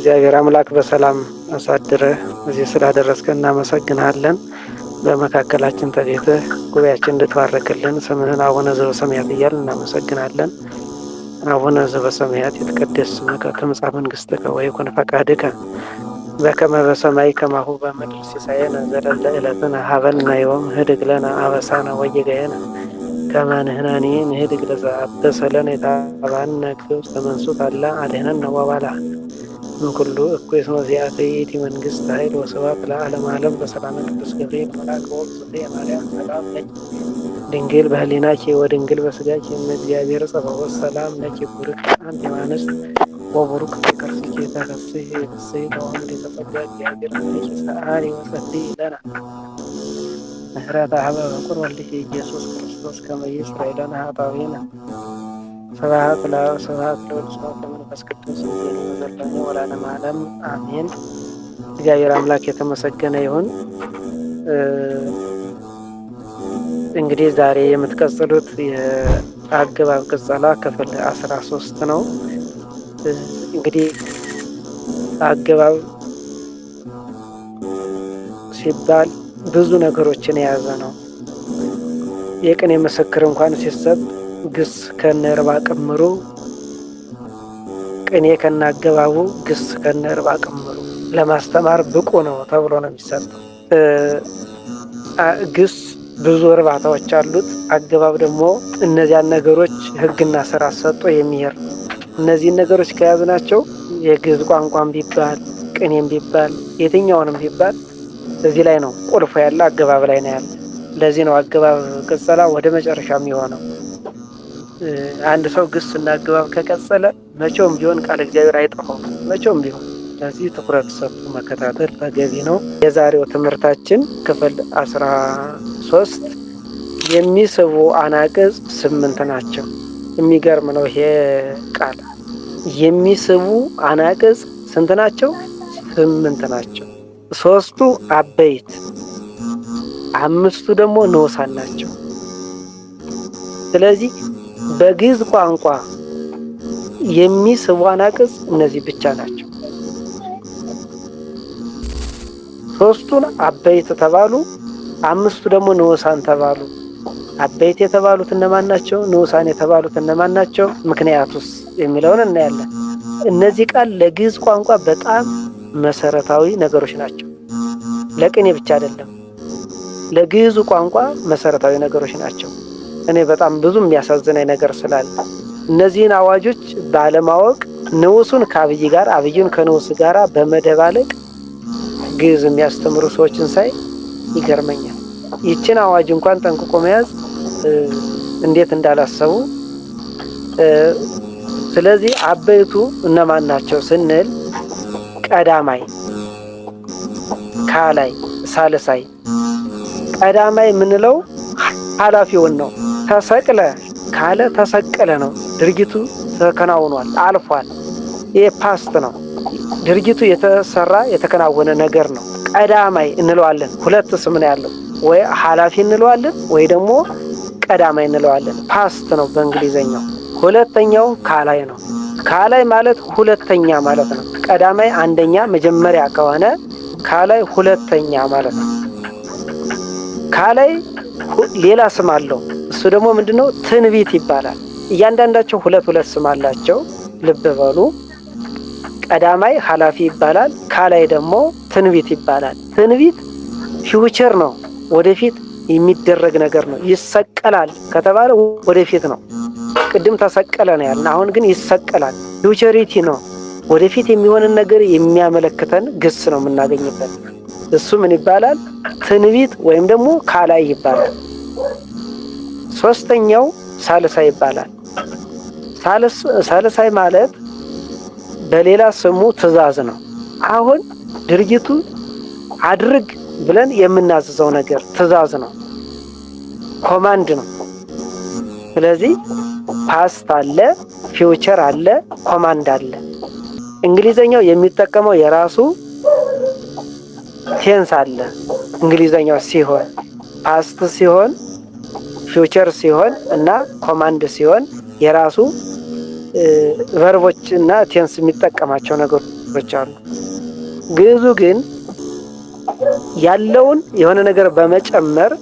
እግዚአብሔር አምላክ በሰላም አሳድረ እዚህ ስላደረስከ እናመሰግናለን። በመካከላችን ተገኝተህ ጉባኤያችን እንድትባረክልን ስምህን አቡነ ዘበሰማያት እያል እናመሰግናለን። አቡነ ዘበሰማያት የተቀደስ ስምከ ትምጻእ መንግሥትከ ወይኩን ፈቃድከ በከመ በሰማይ ከማሁ በምድር ሲሳየነ ዘለለ ዕለትነ ሀበነ ዮም ህድግ ለነ አበሳነ ወጌጋየነ ከመ ንሕነኒ ንህድግ ለዘ አበሰ ለነ የተባነ ግብር ተመንሱት አላ አድኅነነ ወባልሐ እምኩሉ እኩይ እስመ ዚአከይእቲ መንግሥት ኃይል ወስብሐት ለዓለመ ዓለም። በሰላም ቅዱስ ገብርኤል መልአክ በወቅቱ የማርያም ሰላም ነች ድንግል በህሊናኪ ወድንግል በስጋች እመእግዚአብሔር ጸባዖት ሰላም ነች ቡርክ አንድ ማንስ ወቡሩክ ፍቅርኪ ተከስሒ ፍስሒ ለወልድ የተጸጋ እግዚአብሔር ነኪ ሰአሊ ወጸልይ ለነ ምህረት ኀበ በቁር ወልድኪ ኢየሱስ ክርስቶስ ከመይስ ይሥረይ ሀጣዊ ኃጣውኢነ ስብሐት ለወልድ ስብሐት ለመንፈስ ቅዱስ ዓለም አሜን። እግዚአብሔር አምላክ የተመሰገነ ይሁን። እንግዲህ ዛሬ የምትቀጽሉት የአገባብ ቅጸላ ክፍል አስራ ሶስት ነው። እንግዲህ አገባብ ሲባል ብዙ ነገሮችን የያዘ ነው። የቅኔ ምስክር እንኳን ሲሰጥ ግስ ከነርባ ቅምሩ፣ ቅኔ ከናገባቡ ግስ ከነርባ ቅምሩ ለማስተማር ብቁ ነው ተብሎ ነው የሚሰጠው። ግስ ብዙ እርባታዎች አሉት። አገባብ ደግሞ እነዚያን ነገሮች ሕግና ስራ ሰጦ የሚሄር እነዚህን ነገሮች ናቸው የግዝ ቋንቋን ቢባል ቅኔም ቢባል የትኛውንም ቢባል እዚህ ላይ ነው ቁልፎ ያለ አገባብ ላይ ነው ያለ። ለዚህ ነው አገባብ ቅጸላ ወደ መጨረሻ የሚሆነው። አንድ ሰው ግስና አገባብ ከቀጸለ መቼውም ቢሆን ቃል እግዚአብሔር አይጠፋም። መቼውም ቢሆን ለዚህ ትኩረት ሰጥቶ መከታተል ተገቢ ነው። የዛሬው ትምህርታችን ክፍል አስራ ሶስት የሚስቡ አናቅጽ ስምንት ናቸው። የሚገርም ነው ይሄ ቃል። የሚስቡ አናቅጽ ስንት ናቸው? ስምንት ናቸው። ሶስቱ አበይት፣ አምስቱ ደግሞ ንዑሳን ናቸው። ስለዚህ በግዕዝ ቋንቋ የሚስቡ አናቅጽ እነዚህ ብቻ ናቸው። ሶስቱን አበይት ተባሉ፣ አምስቱ ደግሞ ንዑሳን ተባሉ። አበይት የተባሉት እነማን ናቸው? ንዑሳን የተባሉት እነማን ናቸው? ምክንያቱስ የሚለውን እናያለን። እነዚህ ቃል ለግዕዝ ቋንቋ በጣም መሰረታዊ ነገሮች ናቸው። ለቅኔ ብቻ አይደለም፣ ለግዕዙ ቋንቋ መሰረታዊ ነገሮች ናቸው። እኔ በጣም ብዙ የሚያሳዝነኝ ነገር ስላለ እነዚህን አዋጆች ባለማወቅ ንዑሱን ከአብይ ጋር አብዩን ከንዑስ ጋር በመደባለቅ ግዕዝ የሚያስተምሩ ሰዎችን ሳይ ይገርመኛል። ይችን አዋጅ እንኳን ጠንቅቆ መያዝ እንዴት እንዳላሰቡ። ስለዚህ አበይቱ እነማን ናቸው ስንል ቀዳማይ፣ ካላይ፣ ሳልሳይ። ቀዳማይ የምንለው ኃላፊውን ነው። ተሰቅለ ካለ ተሰቀለ ነው። ድርጊቱ ተከናውኗል፣ አልፏል። ይሄ ፓስት ነው። ድርጊቱ የተሰራ የተከናወነ ነገር ነው። ቀዳማይ እንለዋለን። ሁለት ስም ነው ያለው። ወይ ኃላፊ እንለዋለን ወይ ደግሞ ቀዳማይ እንለዋለን። ፓስት ነው በእንግሊዘኛው። ሁለተኛው ካላይ ነው። ካላይ ማለት ሁለተኛ ማለት ነው። ቀዳማይ አንደኛ መጀመሪያ ከሆነ ካላይ ሁለተኛ ማለት ነው። ካላይ ሌላ ስም አለው። እሱ ደግሞ ምንድነው? ትንቢት ይባላል። እያንዳንዳቸው ሁለት ሁለት ስም አላቸው። ልብ በሉ። ቀዳማይ ኃላፊ ይባላል። ካላይ ደግሞ ትንቢት ይባላል። ትንቢት ፊውቸር ነው፣ ወደፊት የሚደረግ ነገር ነው። ይሰቀላል ከተባለ ወደፊት ነው። ቅድም ተሰቀለ ነው ያልን፣ አሁን ግን ይሰቀላል። ፊውቸሪቲ ነው፣ ወደፊት የሚሆንን ነገር የሚያመለክተን ግስ ነው የምናገኝበት። እሱ ምን ይባላል? ትንቢት ወይም ደግሞ ካላይ ይባላል። ሶስተኛው ሳልሳ ይባላል። ሳልሳይ ማለት በሌላ ስሙ ትዕዛዝ ነው። አሁን ድርጊቱ አድርግ ብለን የምናዝዘው ነገር ትዕዛዝ ነው፣ ኮማንድ ነው። ስለዚህ ፓስት አለ፣ ፊውቸር አለ፣ ኮማንድ አለ። እንግሊዘኛው የሚጠቀመው የራሱ ቴንስ አለ። እንግሊዘኛው ሲሆን ፓስት ሲሆን ፊውቸር ሲሆን እና ኮማንድ ሲሆን የራሱ ቨርቦች እና ቴንስ የሚጠቀማቸው ነገሮች አሉ። ግዕዙ ግን ያለውን የሆነ ነገር በመጨመር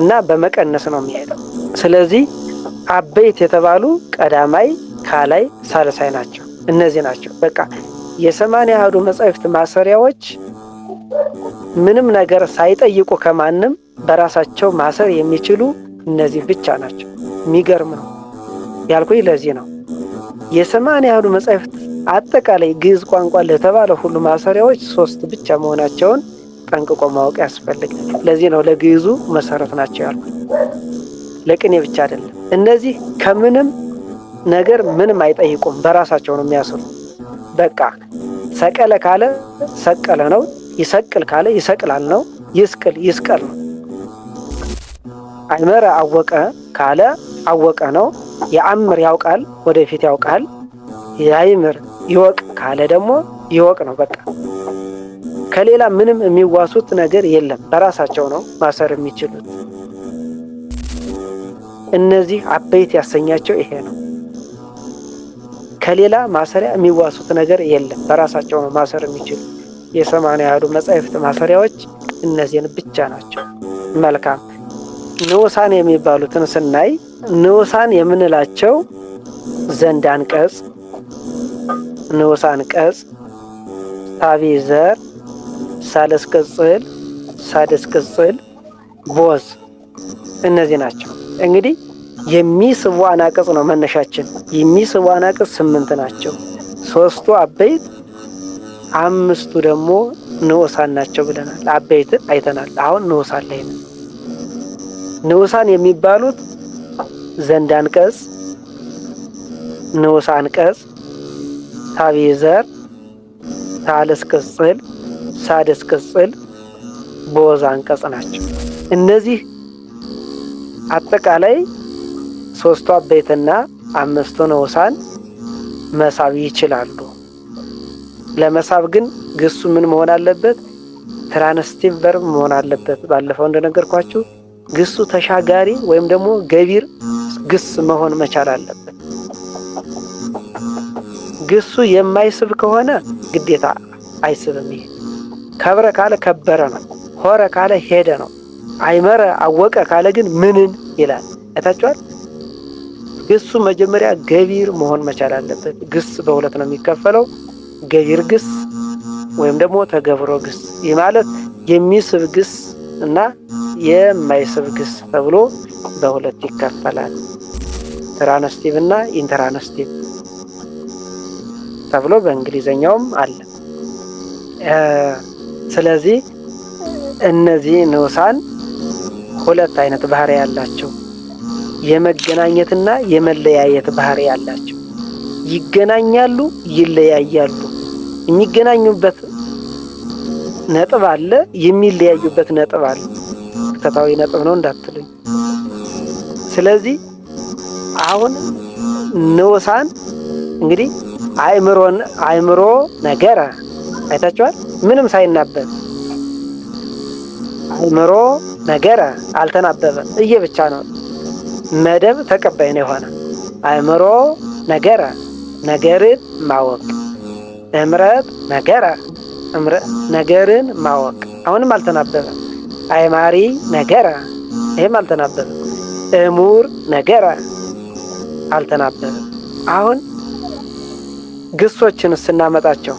እና በመቀነስ ነው የሚሄደው። ስለዚህ አበይት የተባሉ ቀዳማይ፣ ካላይ፣ ሳልሳይ ናቸው። እነዚህ ናቸው በቃ የሰማንያ አሐዱ መጻሕፍት ማሰሪያዎች ምንም ነገር ሳይጠይቁ ከማንም በራሳቸው ማሰር የሚችሉ እነዚህ ብቻ ናቸው። የሚገርም ነው ያልኩኝ ለዚህ ነው። የሰማንያ ያህሉ መጻሕፍት አጠቃላይ ግዕዝ ቋንቋ ለተባለ ሁሉ ማሰሪያዎች ሶስት ብቻ መሆናቸውን ጠንቅቆ ማወቅ ያስፈልጋል። ለዚህ ነው ለግዕዙ መሰረት ናቸው ያልኩት። ለቅኔ ብቻ አይደለም። እነዚህ ከምንም ነገር ምንም አይጠይቁም። በራሳቸው ነው የሚያስሩ። በቃ ሰቀለ ካለ ሰቀለ ነው፣ ይሰቅል ካለ ይሰቅላል ነው፣ ይስቅል ይስቀል ነው። አይመረ አወቀ ካለ አወቀ ነው። የአምር ያውቃል ወደፊት ያውቃል። የአይምር ይወቅ ካለ ደግሞ ይወቅ ነው። በቃ ከሌላ ምንም የሚዋሱት ነገር የለም። በራሳቸው ነው ማሰር የሚችሉት። እነዚህ አበይት ያሰኛቸው ይሄ ነው። ከሌላ ማሰሪያ የሚዋሱት ነገር የለም። በራሳቸው ነው ማሰር የሚችሉ የሰማንያ ያህሉ መጻሕፍት ማሰሪያዎች እነዚህን ብቻ ናቸው። መልካም ንዑሳን የሚባሉትን ስናይ ንዑሳን የምንላቸው ዘንድ አንቀጽ፣ ንዑስ አንቀጽ፣ ሳቢ ዘር፣ ሳልስ ቅጽል፣ ሳድስ ቅጽል፣ ቦዝ እነዚህ ናቸው። እንግዲህ የሚስቡ አናቅጽ ነው መነሻችን። የሚስቡ አናቅጽ ስምንት ናቸው። ሶስቱ አበይት፣ አምስቱ ደግሞ ንዑሳን ናቸው ብለናል። አበይትን አይተናል። አሁን ንዑሳን ላይ ነው። ንዑሳን የሚባሉት ዘንድ አንቀጽ፣ ንዑስ አንቀጽ፣ ሳብዕ ዘር፣ ሳልስ ቅጽል፣ ሳድስ ቅጽል፣ ቦዝ አንቀጽ ናቸው። እነዚህ አጠቃላይ ሶስቱ አበይትና አምስቱ ንዑሳን መሳብ ይችላሉ። ለመሳብ ግን ግሱ ምን መሆን አለበት? ትራንስቲቭ ቨርብ መሆን አለበት። ባለፈው እንደነገርኳችሁ ግሱ ተሻጋሪ ወይም ደግሞ ገቢር ግስ መሆን መቻል አለበት። ግሱ የማይስብ ከሆነ ግዴታ አይስብም። ይሄ ከብረ ካለ ከበረ ነው። ሆረ ካለ ሄደ ነው። አይመረ አወቀ ካለ ግን ምንን ይላል። አይታችኋል። ግሱ መጀመሪያ ገቢር መሆን መቻል አለበት። ግስ በሁለት ነው የሚከፈለው፣ ገቢር ግስ ወይም ደግሞ ተገብሮ ግስ። ይህ ማለት የሚስብ ግስ እና የማይስብ ተብሎ በሁለት ይከፈላል። ትራነስቲቭ እና ኢንተራነስቲቭ ተብሎ በእንግሊዘኛውም አለ። ስለዚህ እነዚህ ንዑሳን ሁለት አይነት ባህሪ ያላቸው የመገናኘትና የመለያየት ባህሪ ያላቸው ይገናኛሉ፣ ይለያያሉ። የሚገናኙበት ነጥብ አለ፣ የሚለያዩበት ነጥብ አለ። ተታዊ ነጥብ ነው እንዳትሉኝ። ስለዚህ አሁን ንዑሳን እንግዲህ አእምሮን አእምሮ ነገረ አይታችኋል። ምንም ሳይናበብ አእምሮ ነገረ አልተናበበም፣ እየ ብቻ ነው መደብ ተቀባይ ነው የሆነ አእምሮ ነገረ ነገርን ማወቅ እምረት ነገረ እምረ ነገርን ማወቅ አሁንም አልተናበበ አይማሪ ነገረ ይህም አልተናበበ እሙር ነገራ አልተናበበም። አሁን ግሶችን ስናመጣቸው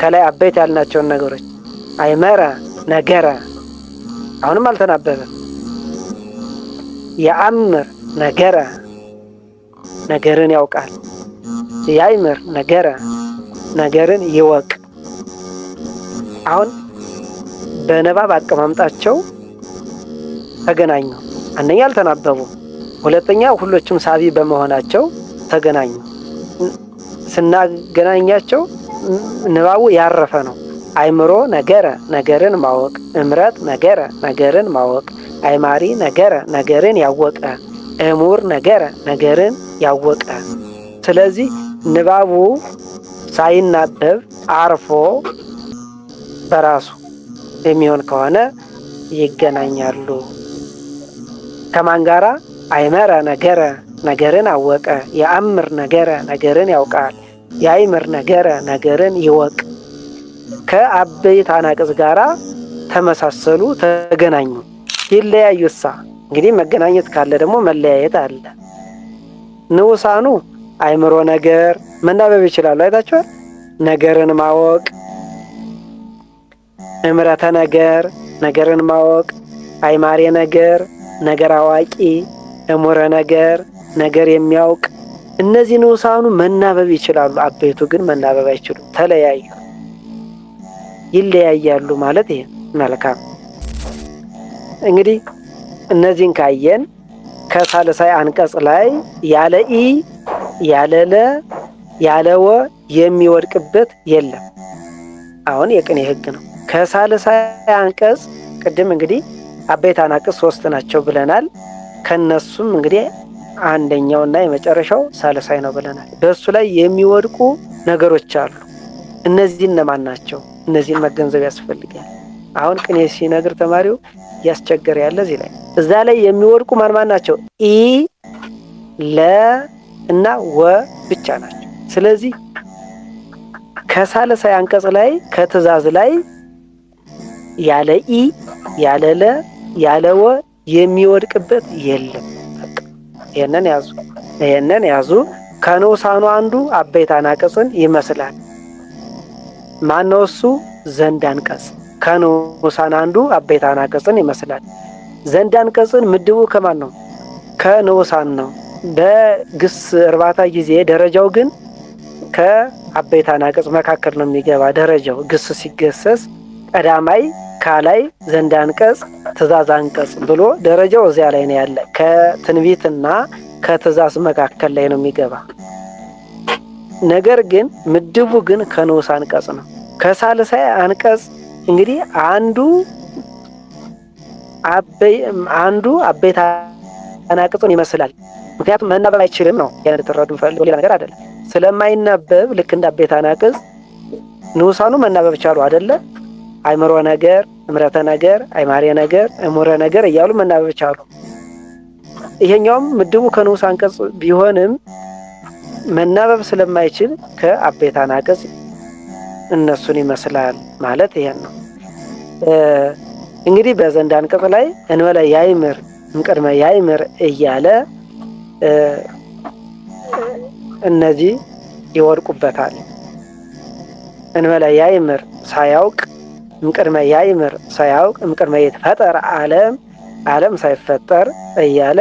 ከላይ አበይት ያልናቸውን ነገሮች አይመራ ነገራ አሁንም አልተናበበ የአምር ነገረ ነገርን ያውቃል። የአይምር ነገረ ነገርን ይወቅ አሁን በንባብ አቀማምጣቸው ተገናኙ። አንደኛ አልተናበቡ፣ ሁለተኛ ሁሎችም ሳቢ በመሆናቸው ተገናኙ። ስናገናኛቸው ንባቡ ያረፈ ነው። አይምሮ ነገረ ነገርን ማወቅ፣ እምረት ነገረ ነገርን ማወቅ፣ አይማሪ ነገረ ነገርን ያወቀ፣ እሙር ነገረ ነገርን ያወቀ። ስለዚህ ንባቡ ሳይናበብ አርፎ በራሱ የሚሆን ከሆነ ይገናኛሉ። ከማን ጋራ አይመረ ነገረ ነገርን አወቀ። የአምር ነገረ ነገርን ያውቃል። የአይምር ነገረ ነገርን ይወቅ። ከአበይት አናቅጽ ጋራ ተመሳሰሉ፣ ተገናኙ። ይለያዩሳ እንግዲህ መገናኘት ካለ ደግሞ መለያየት አለ። ንዑሳኑ አይምሮ ነገር መናበብ ይችላሉ። አይታችኋል። ነገርን ማወቅ እምረተ ነገር ነገርን ማወቅ አይማሬ ነገር ነገር አዋቂ እሙረ ነገር ነገር የሚያውቅ እነዚህ ንዑሳኑ መናበብ ይችላሉ። አበይቱ ግን መናበብ አይችሉም። ተለያዩ፣ ይለያያሉ ማለት ይሄ መልካም። እንግዲህ እነዚህን ካየን ከሳልሳይ አንቀጽ ላይ ያለ ኢ ያለ ለ ያለ ወ የሚወድቅበት የለም። አሁን የቅኔ ህግ ነው። ከሳልሳይ አንቀጽ ቅድም እንግዲህ አበይት አናቅጽ ሶስት ናቸው ብለናል። ከነሱም እንግዲህ አንደኛውና የመጨረሻው ሳልሳይ ነው ብለናል። በእሱ ላይ የሚወድቁ ነገሮች አሉ። እነዚህ እነማን ናቸው? እነዚህን መገንዘብ ያስፈልጋል። አሁን ቅኔ ሲነግር ተማሪው እያስቸገረ ያለ እዚህ ላይ እዛ ላይ የሚወድቁ ማን ማን ናቸው? ኢ ለ እና ወ ብቻ ናቸው። ስለዚህ ከሳልሳይ አንቀጽ ላይ ከትዕዛዝ ላይ ያለ ኢ ያለ ለ ያለ ወ የሚወድቅበት የለም። ይህንን ያዙ፣ ይህንን ያዙ። ከንዑሳኑ አንዱ አበይት አናቅጽን ይመስላል። ማነው እሱ? ዘንድ አንቀጽ። ከንዑሳን አንዱ አበይት አናቅጽን ይመስላል። ዘንድ አንቀጽን ምድቡ ከማን ነው? ከንዑሳን ነው። በግስ እርባታ ጊዜ ደረጃው ግን ከአበይት አናቅጽ መካከል ነው የሚገባ። ደረጃው ግስ ሲገሰስ ቀዳማይ ካላይ ዘንድ አንቀጽ ትእዛዝ አንቀጽ ብሎ ደረጃው እዚያ ላይ ነው ያለ። ከትንቢትና ከትእዛዝ መካከል ላይ ነው የሚገባ። ነገር ግን ምድቡ ግን ከንዑስ አንቀጽ ነው። ከሳልሳይ አንቀጽ እንግዲህ አንዱ አንዱ አበይት አናቅጽን ይመስላል። ምክንያቱም መናበብ አይችልም ነው ልትረዱ ፈልገው፣ ሌላ ነገር አይደለም። ስለማይናበብ ልክ እንደ አበይት አናቅጽ ንዑሳኑ መናበብ ቻሉ አይደለም አይምሮ ነገር፣ እምረተ ነገር፣ አይማሬ ነገር፣ እሙረ ነገር እያሉ መናበብ ቻሉ። ይሄኛውም ምድቡ ከንዑስ አንቀጽ ቢሆንም መናበብ ስለማይችል ከአቤታ አናቅጽ እነሱን ይመስላል ማለት ይሄን ነው። እንግዲህ በዘንድ አንቀጽ ላይ እንበለ ያይምር እንቅድመ ያይምር እያለ እነዚህ ይወድቁበታል። እንበለ ያይምር ሳያውቅ እምቅድመ ያይምር ሳያውቅ እምቅድመ ይትፈጠር ዓለም ዓለም ሳይፈጠር እያለ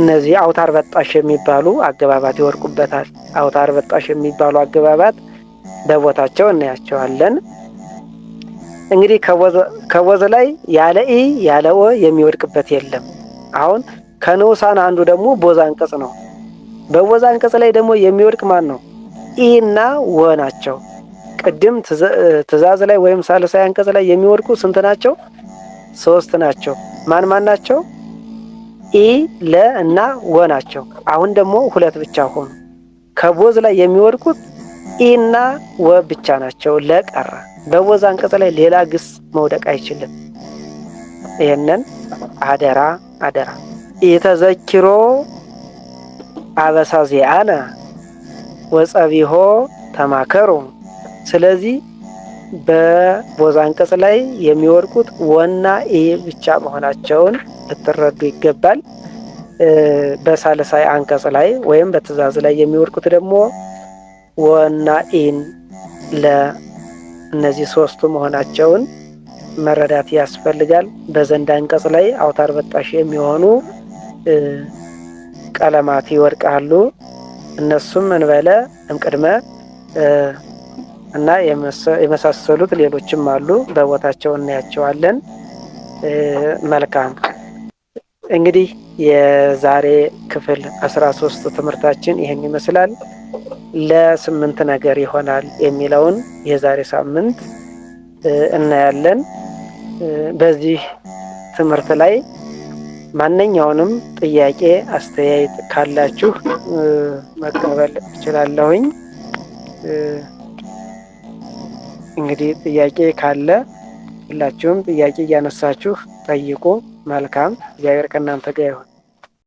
እነዚህ አውታር በጣሽ የሚባሉ አገባባት ይወድቁበታል። አውታር በጣሽ የሚባሉ አገባባት በቦታቸው እናያቸዋለን። እንግዲህ ከወዝ ላይ ያለ ኢ ያለ ኦ የሚወድቅበት የለም። አሁን ከንዑሳን አንዱ ደግሞ ቦዛ አንቀጽ ነው። በቦዛ አንቀጽ ላይ ደግሞ የሚወድቅ ማን ነው? ኢ እና ወ ናቸው። ቅድም ትእዛዝ ላይ ወይም ሳልሳይ አንቀጽ ላይ የሚወድቁ ስንት ናቸው? ሶስት ናቸው። ማን ማን ናቸው? ኢ ለ እና ወ ናቸው። አሁን ደግሞ ሁለት ብቻ ሆኑ። ከቦዝ ላይ የሚወድቁት ኢ እና ወ ብቻ ናቸው። ለቀረ በቦዝ አንቀጽ ላይ ሌላ ግስ መውደቅ አይችልም። ይህንን አደራ አደራ። ኢተዘኪሮ አበሳዚአነ ወጸቢሆ ተማከሩም ስለዚህ በቦዛ አንቀጽ ላይ የሚወድቁት ወና ኤ ብቻ መሆናቸውን ልትረዱ ይገባል። በሳልሳይ አንቀጽ ላይ ወይም በትዕዛዝ ላይ የሚወድቁት ደግሞ ወና ኢን ለእነዚህ ሶስቱ መሆናቸውን መረዳት ያስፈልጋል። በዘንድ አንቀጽ ላይ አውታር በጣሽ የሚሆኑ ቀለማት ይወድቃሉ። እነሱም እንበለ እምቅድመ እና የመሳሰሉት ሌሎችም አሉ። በቦታቸው እናያቸዋለን። መልካም እንግዲህ የዛሬ ክፍል አስራ ሶስት ትምህርታችን ይህን ይመስላል። ለስምንት ነገር ይሆናል የሚለውን የዛሬ ሳምንት እናያለን። በዚህ ትምህርት ላይ ማንኛውንም ጥያቄ፣ አስተያየት ካላችሁ መቀበል እችላለሁኝ። እንግዲህ ጥያቄ ካለ ሁላችሁም ጥያቄ እያነሳችሁ ጠይቁ። መልካም እግዚአብሔር ከእናንተ ጋር ይሁን።